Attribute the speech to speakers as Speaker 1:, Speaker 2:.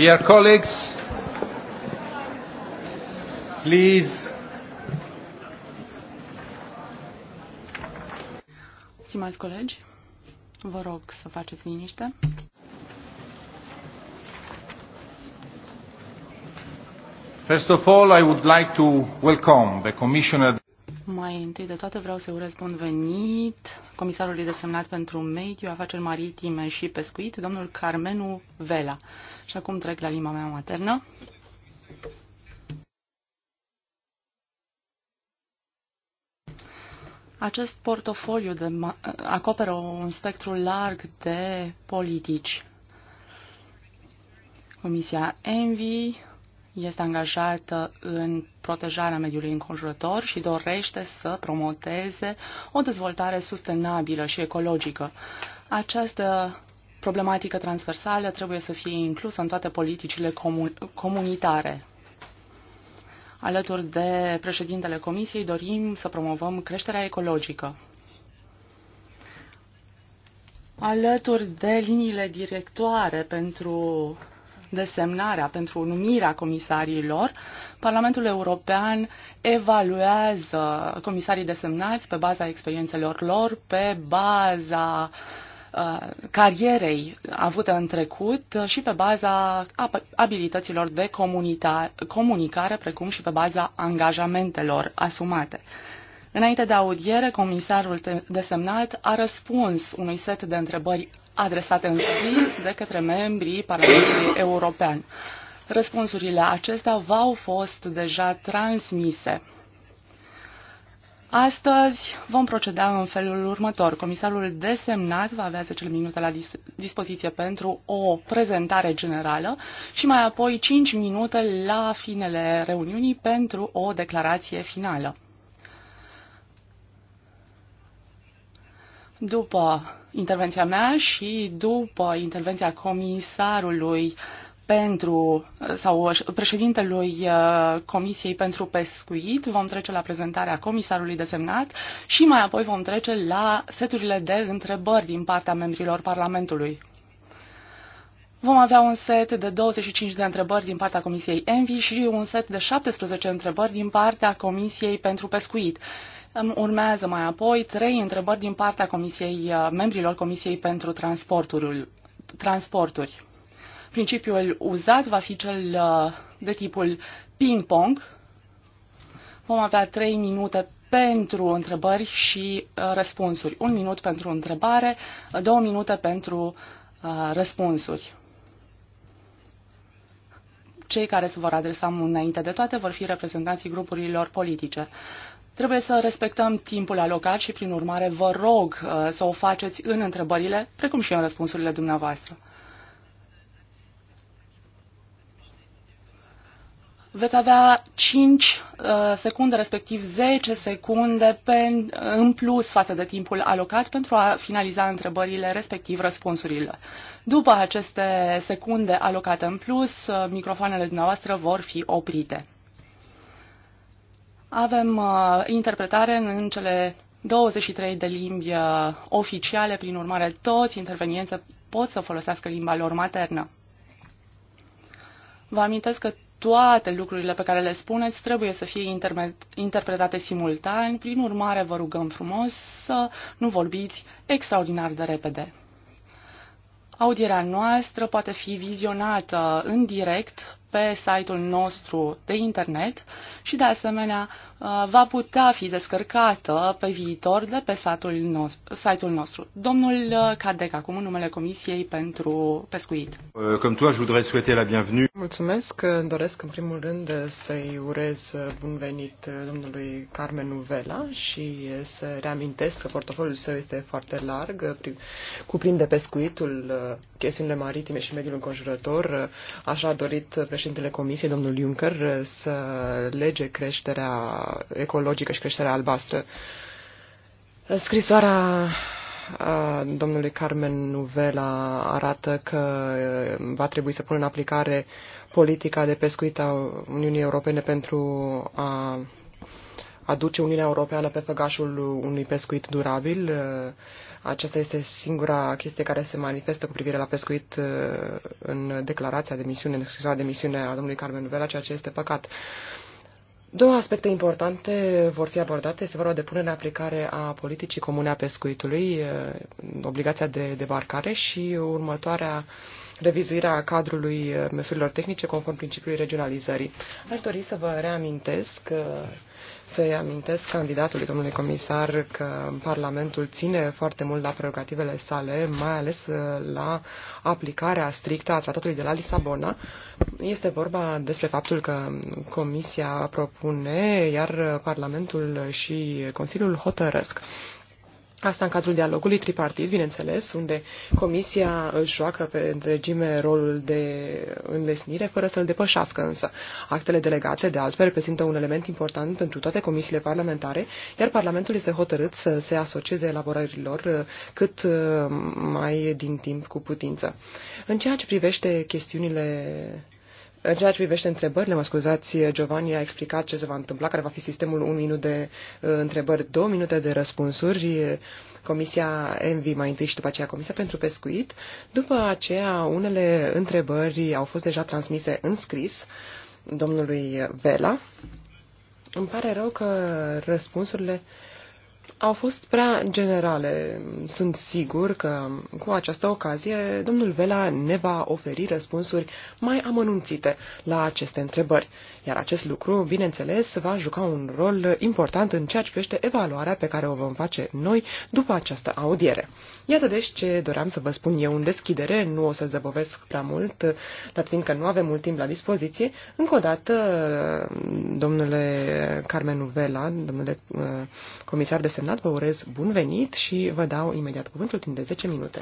Speaker 1: Dear colleagues, please. Stimați colegi, vă rog să faceți liniște.
Speaker 2: First of all, I would like to welcome the Commissioner
Speaker 1: mai întâi de toate vreau să urez bun venit comisarului desemnat pentru mediu, afaceri maritime și pescuit, domnul Carmenu Vela. Și acum trec la limba mea maternă. Acest portofoliu de, acoperă un spectru larg de politici. Comisia Envi este angajată în protejarea mediului înconjurător și dorește să promoteze o dezvoltare sustenabilă și ecologică. Această problematică transversală trebuie să fie inclusă în toate politicile comun comunitare. Alături de președintele Comisiei dorim să promovăm creșterea ecologică. Alături de liniile directoare pentru desemnarea, pentru numirea comisarilor, Parlamentul European evaluează comisarii desemnați pe baza experiențelor lor, pe baza uh, carierei avute în trecut și pe baza abilităților de comunicare, precum și pe baza angajamentelor asumate. Înainte de audiere, comisarul desemnat a răspuns unui set de întrebări adresate în scris de către membrii Parlamentului European. Răspunsurile acestea v-au fost deja transmise. Astăzi vom proceda în felul următor. Comisarul desemnat va avea 10 minute la dis- dispoziție pentru o prezentare generală și mai apoi 5 minute la finele reuniunii pentru o declarație finală. După intervenția mea și după intervenția comisarului pentru sau președintelui uh, Comisiei pentru Pescuit, vom trece la prezentarea comisarului desemnat și mai apoi vom trece la seturile de întrebări din partea membrilor Parlamentului. Vom avea un set de 25 de întrebări din partea Comisiei Envi și un set de 17 întrebări din partea Comisiei pentru Pescuit urmează mai apoi trei întrebări din partea comisiei, uh, membrilor Comisiei pentru Transporturi. transporturi. Principiul uzat va fi cel uh, de tipul ping-pong. Vom avea trei minute pentru întrebări și uh, răspunsuri. Un minut pentru întrebare, două minute pentru răspunsuri. Cei care se vor adresa înainte de toate vor fi reprezentanții grupurilor politice. Trebuie să respectăm timpul alocat și, prin urmare, vă rog uh, să o faceți în întrebările, precum și în răspunsurile dumneavoastră. veți avea 5 uh, secunde, respectiv 10 secunde pe, în plus față de timpul alocat pentru a finaliza întrebările, respectiv răspunsurile. După aceste secunde alocate în plus, uh, microfoanele dumneavoastră vor fi oprite. Avem uh, interpretare în cele 23 de limbi uh, oficiale, prin urmare toți intervenienții pot să folosească limba lor maternă. Vă amintesc că toate lucrurile pe care le spuneți trebuie să fie interpretate simultan, prin urmare vă rugăm frumos să nu vorbiți extraordinar de repede. Audierea noastră poate fi vizionată în direct pe site-ul nostru de internet și, de asemenea, uh, va putea fi descărcată pe viitor de pe site-ul nostru. Domnul uh, Cadec, acum în numele
Speaker 2: Comisiei pentru Pescuit.
Speaker 1: Uh, cum tu, aș voudrais souhaiter la bienvenue.
Speaker 2: Mulțumesc. Doresc, în primul rând, să-i urez bun venit domnului Carmen Nuvela și să reamintesc că portofoliul său este foarte larg, cuprinde pescuitul, chestiunile maritime și mediul înconjurător. Așa a dorit președintele președintele Comisiei, domnul Juncker, să lege creșterea ecologică și creșterea albastră. Scrisoarea domnului Carmen Nuvela arată că va trebui să pună în aplicare politica de pescuit a Uniunii Europene pentru a aduce Uniunea Europeană pe făgașul unui pescuit durabil. Aceasta este singura chestie care se manifestă cu privire la pescuit uh, în declarația de misiune, în scrisoarea de misiune a domnului Carmen Vela, ceea ce este păcat. Două aspecte importante vor fi abordate. Este vorba de punerea în aplicare a politicii comune a pescuitului, uh, obligația de debarcare și următoarea revizuirea cadrului uh, măsurilor tehnice conform principiului regionalizării. Aș dori să vă reamintesc să-i amintesc candidatului, domnului comisar, că Parlamentul ține foarte mult la prerogativele sale, mai ales uh, la aplicarea strictă a tratatului de la Lisabona. Este vorba despre faptul că Comisia propune, iar Parlamentul și Consiliul hotărăsc. Asta în cadrul dialogului tripartit, bineînțeles, unde Comisia își joacă pe întregime rolul de înlesnire, fără să îl depășească însă. Actele delegate, de altfel, reprezintă un element important pentru toate comisiile parlamentare, iar Parlamentul este hotărât să se asocieze elaborărilor uh, cât uh, mai din timp cu putință. În ceea ce privește chestiunile în ceea ce privește întrebările, mă scuzați, Giovanni a explicat ce se va întâmpla, care va fi sistemul un minut de uh, întrebări, două minute de răspunsuri, Comisia Envi mai întâi și după aceea Comisia pentru Pescuit. După aceea, unele întrebări au fost deja transmise în scris domnului Vela. Îmi pare rău că răspunsurile uh, au fost prea generale. Sunt sigur că cu această ocazie domnul Vela ne va oferi răspunsuri mai amănunțite la aceste întrebări, iar acest lucru, bineînțeles, va juca un rol important în ceea ce privește evaluarea pe care o vom face noi după această audiere. Iată deci ce doream să vă spun eu în deschidere, nu o să zăbovesc prea mult, dat fiindcă nu avem mult timp la dispoziție. Încă o dată, domnule Carmenu Vela, domnule uh, comisar de desemnat, vă urez bun venit și vă dau imediat cuvântul timp de 10 minute.